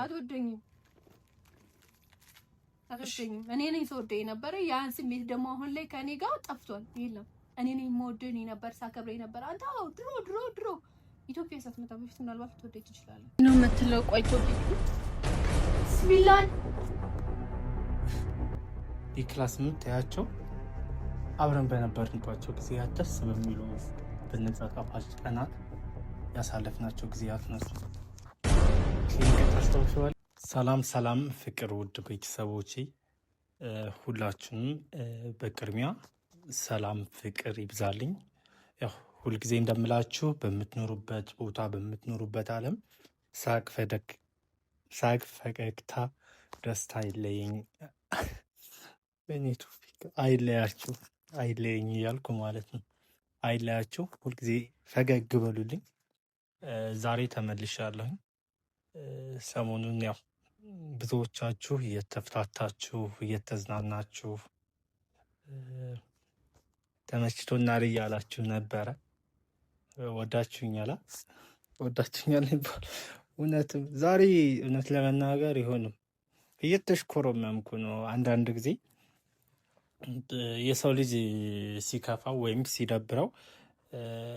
አትወደኝም። እኔ ነኝ ተወደኝ ነበረ። ያን ስሜት ደግሞ አሁን ላይ ከእኔ ጋር ጠፍቷል። የለም እኔ ነኝ የምወደኝ ነበር፣ ሳከብረኝ ነበር። አንተ ድሮ ድሮ ድሮ ኢትዮጵያ ሳትመጣ በፊት ምናልባት ትወደኝ ትችላለህ ነው የምትለው። ቆይ ኢትዮጵያ ቢስሚላህ ይክላስ ምን ታያቸው አብረን በነበርንባቸው ጊዜያት ደስ በሚሉ በነዛ ጣፋጭ ቀናት ያሳለፍናቸው ጊዜያት ናቸው። ሰላም ሰላም፣ ፍቅር ውድ ቤተሰቦች ሁላችሁንም በቅድሚያ ሰላም ፍቅር ይብዛልኝ። ሁልጊዜ እንደምላችሁ በምትኖሩበት ቦታ በምትኖሩበት ዓለም ሳቅ፣ ፈገግታ፣ ደስታ አይለየኝ አይለያችሁ። አይለየኝ እያልኩ ማለት ነው። አይለያቸው፣ ሁልጊዜ ፈገግ በሉልኝ። ዛሬ ተመልሻለሁኝ። ሰሞኑን ያው ብዙዎቻችሁ እየተፍታታችሁ እየተዝናናችሁ ተመችቶ ተመችቶናል እያላችሁ ነበረ። ወዳችሁኛላ ወዳችሁኛል ይባል። እውነትም ዛሬ እውነት ለመናገር ይሆንም እየተሽኮረመምኩ ነው አንዳንድ ጊዜ የሰው ልጅ ሲከፋው ወይም ሲደብረው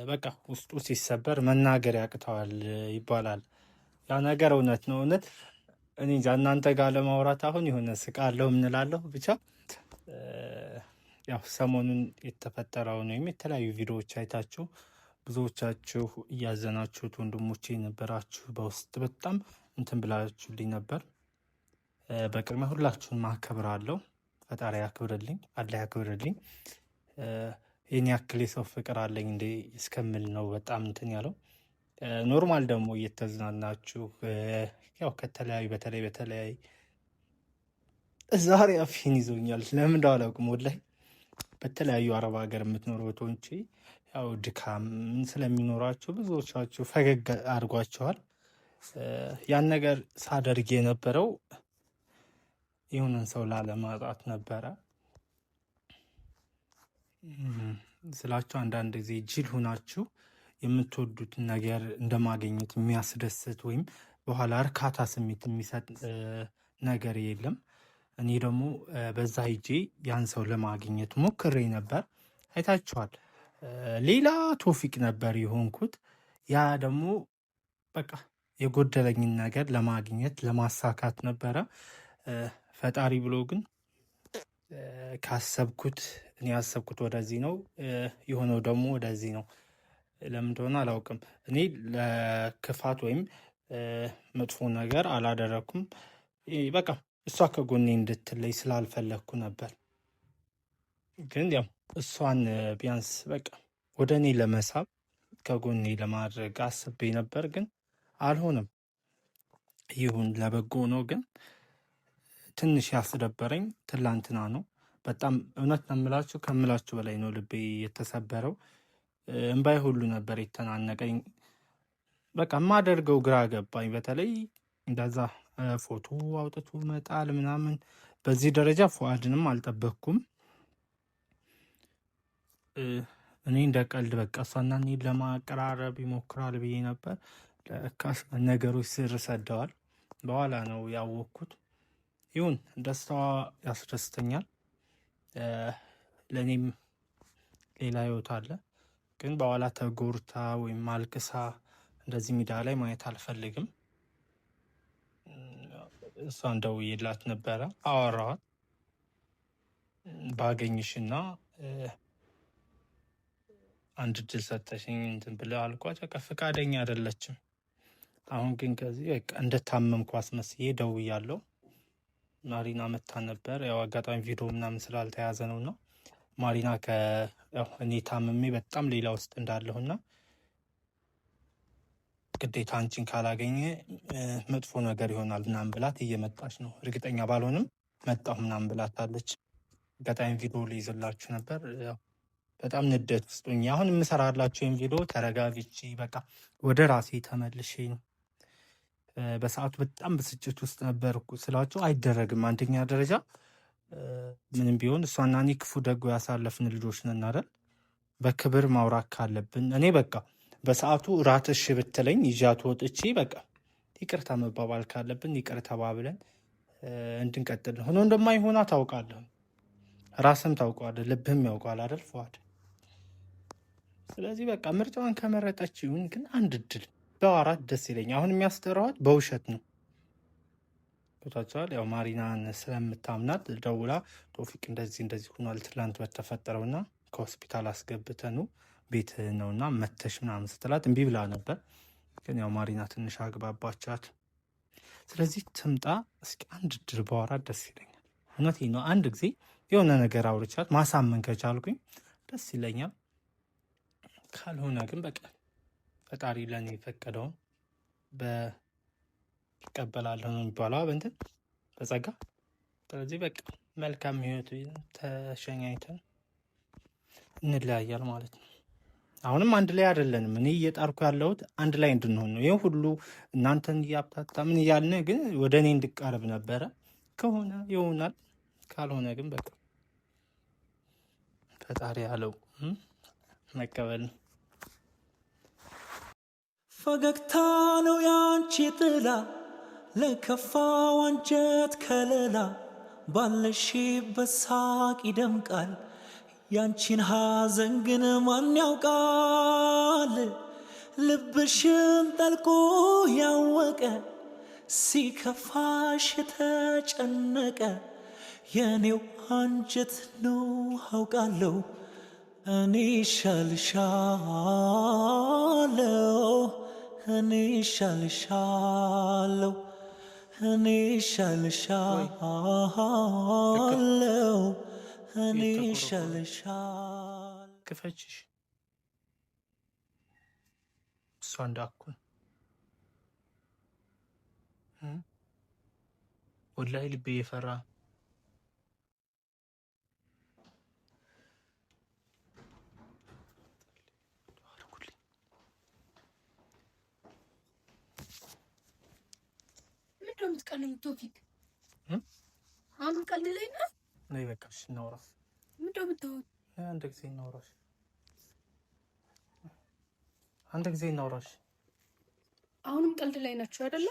በቃ ውስጡ ሲሰበር መናገር ያቅተዋል ይባላል። ያ ነገር እውነት ነው። እውነት እኔ እንጃ እናንተ ጋር ለማውራት አሁን የሆነ ስቃለሁ ምንላለሁ ብቻ ያው ሰሞኑን የተፈጠረውን ወይም የተለያዩ ቪዲዮዎች አይታችሁ ብዙዎቻችሁ እያዘናችሁት ወንድሞቼ የነበራችሁ በውስጥ በጣም እንትን ብላችሁልኝ ነበር። በቅድሚያ ሁላችሁን ማከብራለሁ። ፈጣሪ ያክብርልኝ፣ አላ ያክብርልኝ። ይህን ያክል የሰው ፍቅር አለኝ እንዴ እስከምል ነው በጣም እንትን ያለው። ኖርማል ደግሞ እየተዝናናችሁ ያው ከተለያዩ በተለይ በተለያይ ዛሬ አፌን ይዞኛል። ለምን እንደው አላውቅም። ወላሂ በተለያዩ አረብ ሀገር የምትኖሩ ቶንቺ ያው ድካም ስለሚኖራችሁ ብዙዎቻችሁ ፈገግ አድርጓችኋል። ያን ነገር ሳደርግ የነበረው የሆነን ሰው ላለማጣት ነበረ ስላችሁ። አንዳንድ ጊዜ ጅል ሁናችሁ የምትወዱት ነገር እንደማገኘት የሚያስደስት ወይም በኋላ እርካታ ስሜት የሚሰጥ ነገር የለም። እኔ ደግሞ በዛ ሂጄ ያን ሰው ለማግኘት ሞክሬ ነበር። አይታችኋል። ሌላ ቶፊቅ ነበር የሆንኩት። ያ ደግሞ በቃ የጎደለኝን ነገር ለማግኘት ለማሳካት ነበረ። ፈጣሪ ብሎ ግን ካሰብኩት እኔ ያሰብኩት ወደዚህ ነው የሆነው ደግሞ ወደዚህ ነው። ለምን እንደሆነ አላውቅም። እኔ ለክፋት ወይም መጥፎ ነገር አላደረኩም። በቃ እሷ ከጎኔ እንድትለይ ስላልፈለግኩ ነበር። ግን ያው እሷን ቢያንስ በቃ ወደ እኔ ለመሳብ ከጎኔ ለማድረግ አስቤ ነበር፣ ግን አልሆነም። ይሁን ለበጎ ነው ግን ትንሽ ያስደበረኝ ትላንትና ነው። በጣም እውነት ነው የምላችሁ ከምላችሁ በላይ ነው ልቤ የተሰበረው። እምባይ ሁሉ ነበር የተናነቀኝ። በቃ የማደርገው ግራ ገባኝ። በተለይ እንደዛ ፎቶ አውጥቶ መጣል ምናምን በዚህ ደረጃ ፉአድንም አልጠበቅኩም። እኔ እንደ ቀልድ በቃ እሷና እኔን ለማቀራረብ ይሞክራል ብዬ ነበር። ለካስ ነገሮች ስር ሰደዋል። በኋላ ነው ያወቅኩት። ይሁን ደስታዋ ያስደስተኛል። ለእኔም ሌላ ህይወት አለ። ግን በኋላ ተጎርታ ወይም አልቅሳ እንደዚህ ሜዳ ላይ ማየት አልፈልግም። እንደው የላት ነበረ አወራኋት። ባገኝሽና አንድ እድል ሰጠሽኝ እንትን ብለህ አልኳት። በቃ ፈቃደኛ አይደለችም። አሁን ግን ከዚህ በቃ እንደታመምኳት መስዬ ደውያለሁ። ማሪና መታ ነበር። ያው አጋጣሚ ቪዲዮ ምናምን ስላልተያዘ ነው እና ማሪና እኔ ታምሜ በጣም ሌላ ውስጥ እንዳለሁ እና ግዴታ አንቺን ካላገኘ መጥፎ ነገር ይሆናል ምናምን ብላት እየመጣች ነው። እርግጠኛ ባልሆንም መጣሁ ምናምን አለች። አጋጣሚ ቪዲዮ ልይዝላችሁ ነበር። በጣም ንደት ውስጡኝ አሁን የምሰራላችሁ ወይም ቪዲዮ ተረጋግቼ በቃ ወደ ራሴ ተመልሼ ነው በሰዓቱ በጣም ብስጭት ውስጥ ነበርኩ ስላቸው አይደረግም። አንደኛ ደረጃ ምንም ቢሆን እሷና እኔ ክፉ ደጎ ያሳለፍን ልጆች ነን አይደል? በክብር ማውራት ካለብን እኔ በቃ በሰዓቱ ራት እሺ ብትለኝ ይዣት ወጥቼ በቃ ይቅርታ መባባል ካለብን ይቅርታ ባብለን እንድንቀጥል ሆኖ እንደማይሆና ታውቃለህ፣ ራስም ታውቀዋለህ፣ ልብህም ያውቀዋል አይደል? ስለዚህ በቃ ምርጫዋን ከመረጠች ይሁን ግን አንድ እድል በአራት ደስ ይለኝ። አሁን የሚያስጠራዋት በውሸት ነው ቦታቸዋል ያው ማሪናን ስለምታምናት ደውላ ቶፊቅ እንደዚህ እንደዚህ ሆኗል ትላንት በተፈጠረውና ከሆስፒታል አስገብተኑ ቤት ነውና መተሽ ምናምን ስትላት እምቢ ብላ ነበር። ግን ያው ማሪና ትንሽ አግባባቻት። ስለዚህ ትምጣ እስኪ አንድ ድር በኋራ ደስ ይለኛል። እውነት ነው። አንድ ጊዜ የሆነ ነገር አውርቻት ማሳመን ከቻልኩኝ ደስ ይለኛል። ካልሆነ ግን በቃ ፈጣሪ ለእኔ የፈቀደውን በእቀበላለሁ ነው የሚባለው በእንትን በጸጋ። ስለዚህ በቃ መልካም ህይወት ተሸኛኝተን እንለያያል ማለት ነው። አሁንም አንድ ላይ አይደለንም። እኔ እየጣርኩ ያለሁት አንድ ላይ እንድንሆን ነው። ይህ ሁሉ እናንተን እያብታታ ምን እያልን ግን ወደ እኔ እንድቃረብ ነበረ። ከሆነ ይሆናል፣ ካልሆነ ግን በቃ ፈጣሪ ያለው መቀበል ነው። ፈገግታ ነው ያንቺ ጥላ ለከፋ አንጀት ከለላ ባለሽበት ሳቅ ይደምቃል። ያንቺን ሐዘን ግን ማን ያውቃል? ልብሽን ጠልቆ ያወቀ ሲከፋሽ ተጨነቀ። የኔው አንጀት ነው አውቃለሁ እኔ ሻልሻለው هني شال شالو هني شال شالو هني شال شال كيف حجيش؟ سو عندك والله اللي بيفرح ለምንድን ነው የምትቀልኝ? ቶፊክ አሁን ቀልድ ላይ ነው። ነይ በቃ እናውራ። ምንድን ነው የምታወራው? አንድ ጊዜ እናውራ። አንድ ጊዜ እናውራ። አሁንም ቀልድ ላይ ናቸው አይደለ?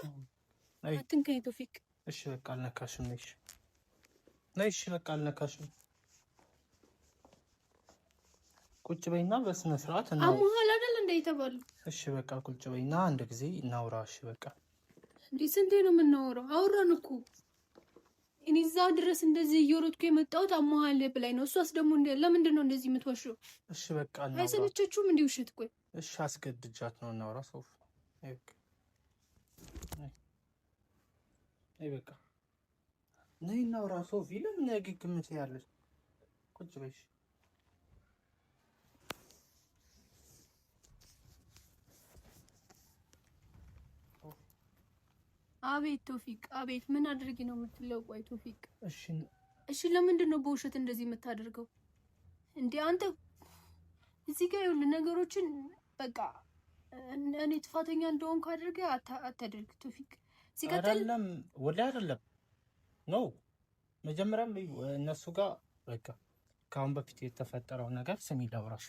አትንከኝ ቶፊክ። እሺ በቃ አልነካሽም። ነሽ ነሽ፣ በቃ አልነካሽም። ቁጭ በይና በስነ ስርዓት እና አሙሃል አይደል እንደ የተባሉ። እሺ በቃ ቁጭ በይና አንድ ጊዜ እናውራ። በቃ እንዴ ስንቴ ነው የምናወራው? አውራን እኮ እኔ እዛ ድረስ እንደዚህ እየወረድኩ የመጣሁት አመሃል ብላኝ ነው። እሷስ ደግሞ ለምንድን ነው እንደዚህ የምትወሹ? እሺ በቃ አይሰለቸችውም? እንዲህ ውሸት ቆይ እሺ አስገድጃት ነው እናውራ ሰው ይ በቃ ነይ እናውራ ሶፊ ለምን ያግግምት ያለች ቁጭ በይ አቤት ቶፊቅ አቤት ምን አድርጊ ነው የምትለው? ቆይ ቶፊቅ እሺ እሺ፣ ለምንድን ነው በውሸት እንደዚህ የምታደርገው እንዴ? አንተ እዚህ ጋር ይኸውልህ፣ ነገሮችን በቃ እኔ ጥፋተኛ እንደሆን ካደርገ አታደርግ ቶፊቅ። ሲቀጥል አይደለም ወላ አይደለም ነው መጀመሪያም እነሱ ጋር በቃ ከአሁን በፊት የተፈጠረው ነገር ስሚ ላውራሽ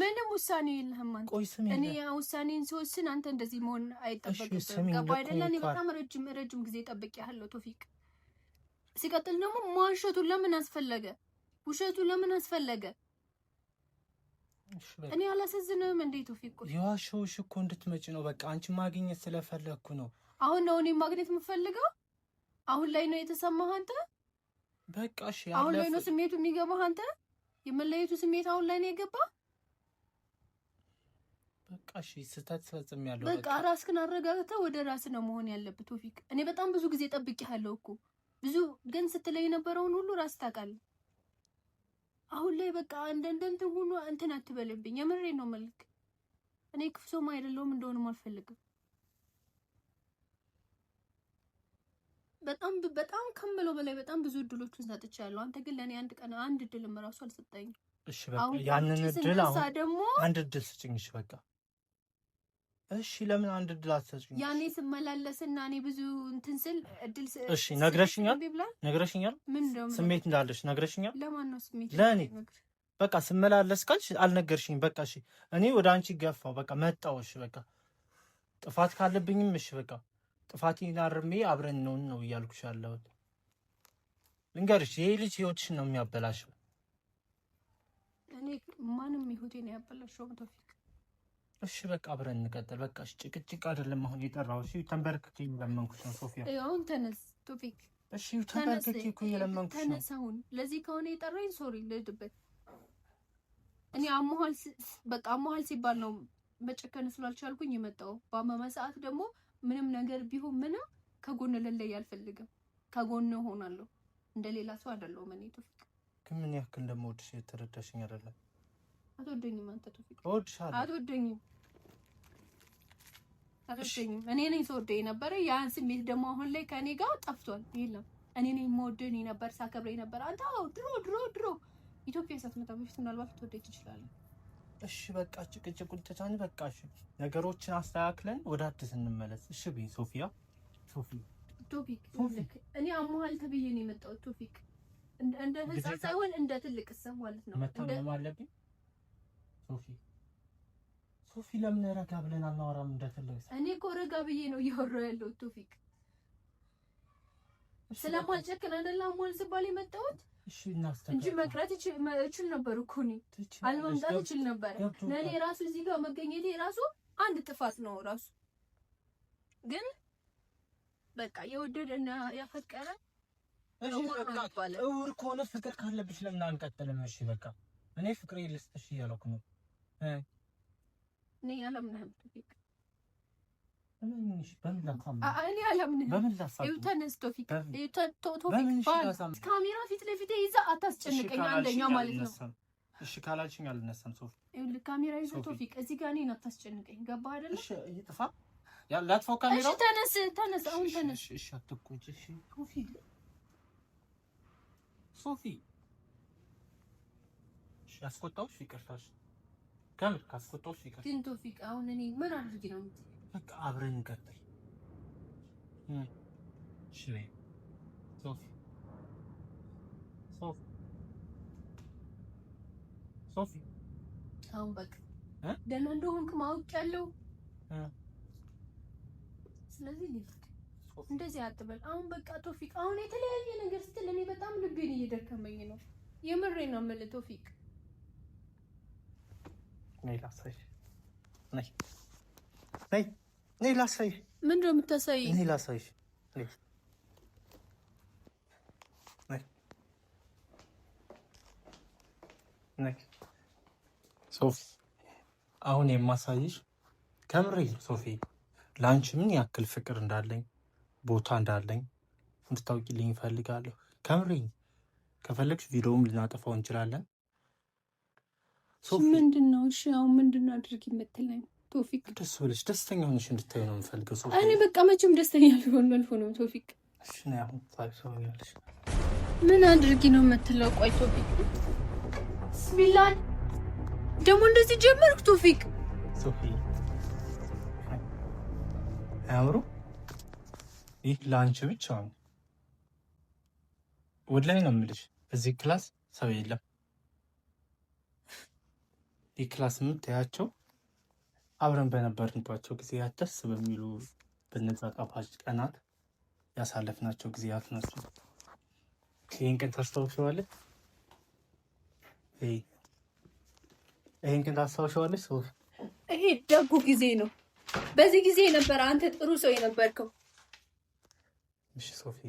ምንም ውሳኔ የለህም አንተ። እኔ ውሳኔን ሲወስን አንተ እንደዚህ መሆን አይጠበቅብህም። ገባህ አይደለ? እኔ በጣም ረጅም ረጅም ጊዜ ጠብቄሃለሁ ቶፊቅ። ሲቀጥል ደግሞ መዋሸቱ ለምን አስፈለገ? ውሸቱ ለምን አስፈለገ? እኔ አላሳዝንም እንዴ ቶፊቅ? የዋሸሁሽ እኮ እንድትመጪ ነው። በቃ አንቺ ማግኘት ስለፈለግኩ ነው። አሁን ነው እኔ ማግኘት የምፈልገው። አሁን ላይ ነው የተሰማህ አንተ። በቃ አሁን ላይ ነው ስሜቱ የሚገባህ አንተ። የመለየቱ ስሜት አሁን ላይ ነው የገባህ በቃ እሺ፣ ስህተት ፈጽም ያለው በቃ ራስህን አረጋግተህ ወደ ራስ ነው መሆን ያለብህ። ቶፊክ እኔ በጣም ብዙ ጊዜ ጠብቄሃለሁ እኮ ብዙ ግን ስትለኝ የነበረውን ሁሉ ራስ ታውቃለህ። አሁን ላይ በቃ እንደንደንት ሁሉ እንትን አትበልብኝ። የምሬ ነው መልክ እኔ ክፉ ሰውም አይደለሁም እንደሆንም አልፈልግም። በጣም በጣም ከምለው በላይ በጣም ብዙ እድሎችን ሰጥቻለሁ። አንተ ግን ለእኔ አንድ ቀን አንድ እድልም እራሱ አልሰጠኝም። እሺ በቃ ያንን እድል አሁን አንድ እድል ስጭኝ። እሺ በቃ እሺ ለምን አንድ እድል አትሰጪኝ? ያኔ ስመላለስና እኔ ብዙ እንትን ስል እድል እሺ፣ ነግረሽኛል ነግረሽኛል፣ ስሜት እንዳለሽ ነግረሽኛል። ለማን ነው ስሜት? ለእኔ በቃ ስመላለስ ካልሽ አልነገርሽኝ። በቃ እሺ፣ እኔ ወደ አንቺ ገፋው፣ በቃ መጣው። እሺ በቃ ጥፋት ካለብኝም እሺ በቃ ጥፋቴን አርሜ አብረን ነው ነው እያልኩሽ ያለሁት። ልንገርሽ፣ ይሄ ልጅ ህይወትሽን ነው የሚያበላሽው። እኔ ማንም ህይወቴን ያበላሽው ያበላሸው እሺ በቃ አብረን እንቀጥል። በቃ ጭቅጭቅ አይደለም አሁን የጠራው። እሺ ተንበርክኬ እየለመንኩሽ ነው ሶፊያ። አሁን ተነስ ቶፒክ። እሺ ተንበርክኬ እኮ እየለመንኩሽ ነው። ተነስ አሁን። ለዚህ ከሆነ የጠራኝ ሶሪ ልሂድበት። እኔ አሞሃል በቃ አሞሃል ሲባል ነው መጨከን ስላልቻልኩኝ የመጣው። በአመመ ሰዓት ደግሞ ምንም ነገር ቢሆን ምንም ከጎን ልለይ አልፈልግም። ከጎን ሆናለሁ። እንደሌላ ሰው አይደለሁም እኔ ቶፊክ። ምን ያክል እንደምወድሽ የተረዳሽኝ አይደለም አትወደኝም። አንተ ቶፊቅ እወድሻለሁ። አትወደኝም አትወደኝም። እኔ ነኝ ተወደኝ ነበረ። ያን ስሜት ደግሞ አሁን ላይ ከእኔ ጋር ጠፍቷል፣ የለም። እኔ ነኝ የምወደው፣ እኔ ነበር ሳከብረ ነበር። አንተ ድሮ ድሮ ድሮ ኢትዮጵያ ሳትመጣ በፊት ምናልባት ልትወደኝ ትችላለህ። እሺ በቃ ጭቅጭቁን ተቻን። በቃ እሺ ነገሮችን አስተካክለን ወደ አዲስ እንመለስ። እሺ በይ ሶፊያ። ቶፊቅ ቶፊቅ እኔ አሞሃል ተብዬ ነው የመጣሁት ቶፊቅ፣ እንደ ህፃን ሳይሆን እንደ ትልቅ ሰው ማለት ነው። መታመም አለብኝ ሶፊ ሶፊ ለምን ረጋ ብለን አናወራም? እንደተለይ እኔ እኮ ረጋ ብዬ ነው እያወራሁ ያለው ቶፊቅ። ስለማልጨክን አይደል አሟል ስባል የመጣሁት እንጂ መቅረት እችል ነበር እኮ እኔ አልመምጣት እችል ነበር። ለእኔ ራሱ እዚህ ጋር መገኘቴ ራሱ አንድ ጥፋት ነው ራሱ። ግን በቃ የወደደና ያፈቀረ እሺ፣ በቃ እውር ከሆነ ፍቅር ካለብሽ ለምን አንቀጥልም? እሺ በቃ እኔ ፍቅሬ ልስጥሽ እያለኩ ነው እኔ አላምንህም። ቶፊቅ እኔ ካሜራ ፊት ለፊቴ ይዘህ አታስጨንቀኝ። አንደኛ ማለት ነው። እሺ ካላልሽኝ አልነሳም። ሶፊ ይኸውልህ፣ ካሜራ ይዘህ ቶፊቅ፣ እዚህ ጋር እኔን አታስጨንቀኝ። ገባህ አይደለ? እሺ ይጥፋ ላጥፋው ካሜራው። እሺ ተነስ፣ ተነስ፣ አሁን ተነስ። እሺ አትቆጪ። እሺ ሶፊ፣ ሶፊ፣ እሺ አስቆጣሁሽ፣ ይቅርታሽ ከምር ካስቆጣው ሲቀር ግን ቶፊቅ፣ አሁን እኔ ምን አድርጌ ነው የምትይኝ? በቃ አብረን እንቀጥል። እሺ ሶፊ፣ ሶፊ፣ ሶፊ፣ አሁን በቃ ደህና እንደሆንክ ማወቅ ያለው ስለዚህ ልፍት እንደዚህ አትበል። አሁን በቃ ቶፊቅ፣ አሁን የተለያየ ነገር ስትል እኔ በጣም ልቤን እየደከመኝ ነው። የምሬ ነው የምልህ ቶፊቅ ነይ ላሳይሽ። ነይ ነይ ነይ ላሳይሽ። ምንድን ነው የምታሳይኝ? ነይ ላሳይሽ። ሶፊ አሁን የማሳይሽ ከምሬ ሶፊ ለአንቺ ምን ያክል ፍቅር እንዳለኝ ቦታ እንዳለኝ እንድታውቂልኝ እፈልጋለሁ። ከምሬ ከፈለግሽ ቪዲዮም ልናጠፋው እንችላለን። ምንድን ነው እሺ፣ አሁን ምንድን ነው አድርግ የምትለኝ? ቶፊቅ ደስ ብለሽ ደስተኛ ሆነሽ እንድታይ ነው የምፈልገው። እኔ በቃ መቼም ደስተኛ ሊሆን መልፎ ነው ቶፊቅ። ምን አድርጊ ነው የምትለው? ቆይ ቶፊቅ ብስሚላን ደግሞ እንደዚህ ጀመርክ ቶፊቅ። አያምሩ ይህ ለአንቺ ብቻ ነው። ወደ ላይ ነው የምልሽ። እዚህ ክላስ ሰው የለም የክላስ የምታያቸው አብረን በነበርንባቸው ጊዜያት ደስ በሚሉ በነዛ ጣፋጭ ቀናት ያሳለፍናቸው ጊዜያት ናቸው። ይህን ቀን ታስታውሸዋለች? ይህን ቀን ታስታውሸዋለች? ሰው ይሄ ደጉ ጊዜ ነው። በዚህ ጊዜ ነበር አንተ ጥሩ ሰው የነበርከው። እሺ ሶፊ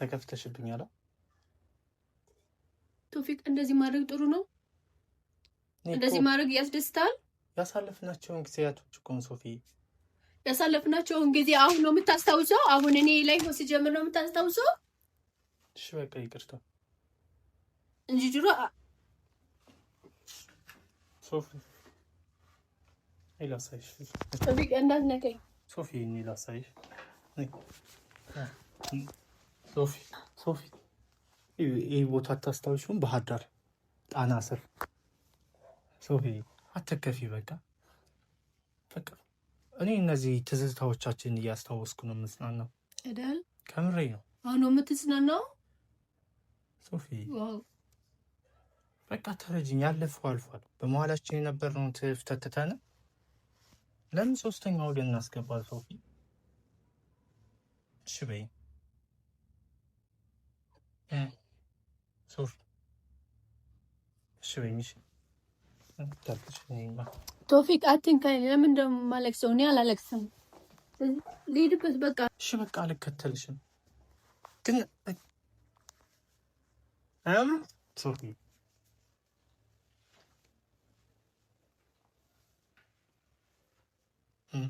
ተከፍተሽብኝ አለ ቶፊቅ እንደዚህ ማድረግ ጥሩ ነው። እንደዚህ ማድረግ ያስደስታል። ያሳለፍናቸውን ጊዜያቶች እኮ ነው ሶፊ፣ ያሳለፍናቸውን ጊዜ አሁን ነው የምታስታውሰው። አሁን እኔ ላይ ሆን ሲጀምር ነው የምታስታውሰው። እሺ በቃ ይቅርታ እንጂ ድሮ ሶፊ ላሳይሽ። ቶፊቅ እንዳትነከኝ ሶፊ ላሳይሽ ሶፊ ሶፊ ይህ ቦታ አታስታውሽም? ባህር ዳር ጣና ስር ሶፊ አትከፊ በቃ በቃ እኔ እነዚህ ትዝታዎቻችን እያስታወስኩ ነው የምጽናናው። እደል ከምሬ ነው። አሁን የምትጽናናው ሶፊ በቃ ተረጅኝ። ያለፈው አልፏል። በመሀላችን የነበረውን ትፍ ተትተን ለምን ሶስተኛ ወገን እናስገባል? ሶፊ እሺ ሱፍ እሺ ወይንሽ ቶፊቅ አትንካኝ። ለምን እንደማለቅሰው እኔ አላለቅስም። ልሄድበት በቃ እሺ፣ በቃ አልከተልሽም። ግን ሶፊ እ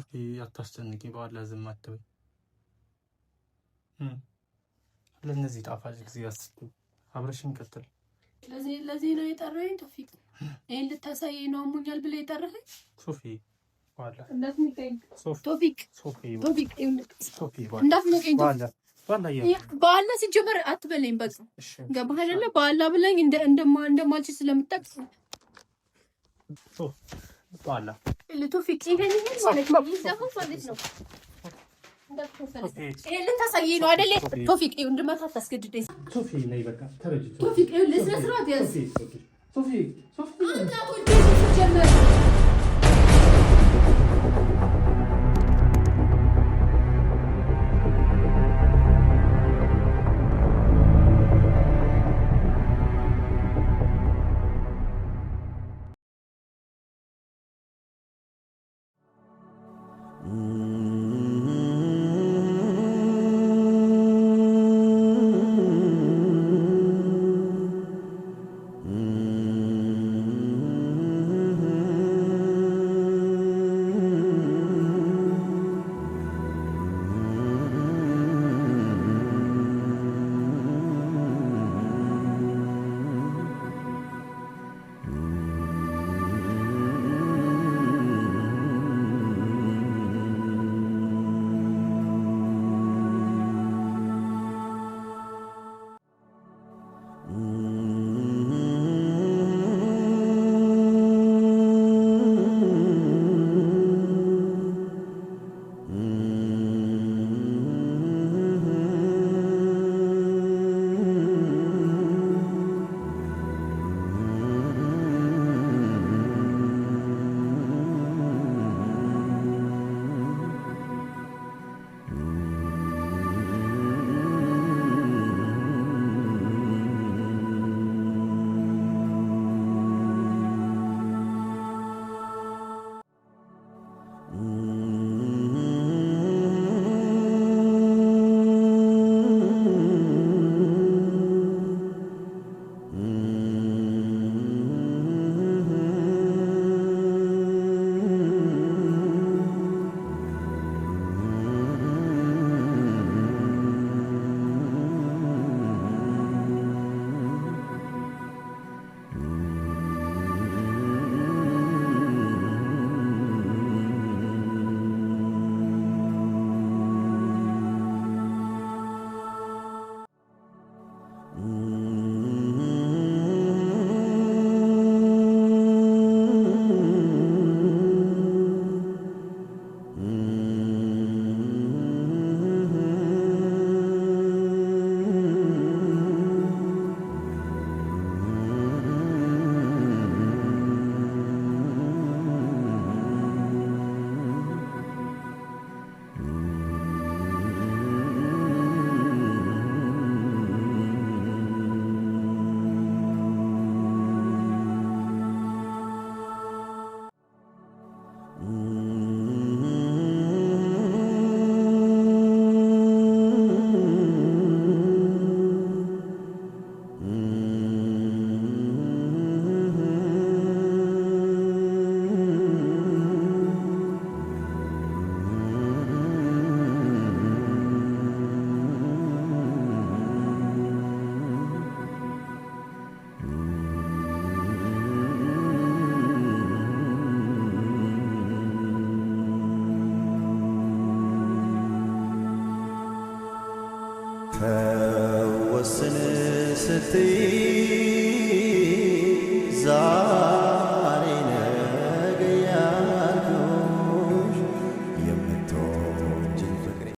እስኪ አታስጨንቂ፣ በኋላ ዝም አትበይ። ለእነዚህ ጣፋጭ ጊዜ አስቱ አብረሽን ቀጥል። ለዚህ ነው የጠራኸኝ ቶፊቅ? ይህን ልታሳይ ነው አሞኛል ብለህ የጠራኸኝ ሶፊ? በኋላ ሲጀመር አትበለኝ። በቃ ገባህ አይደለ? በኋላ ብለኝ እንደማልችል በኋላ ልቶፊክ ቶፊቅ እንድመታ ስነ ስርዓት ያዝ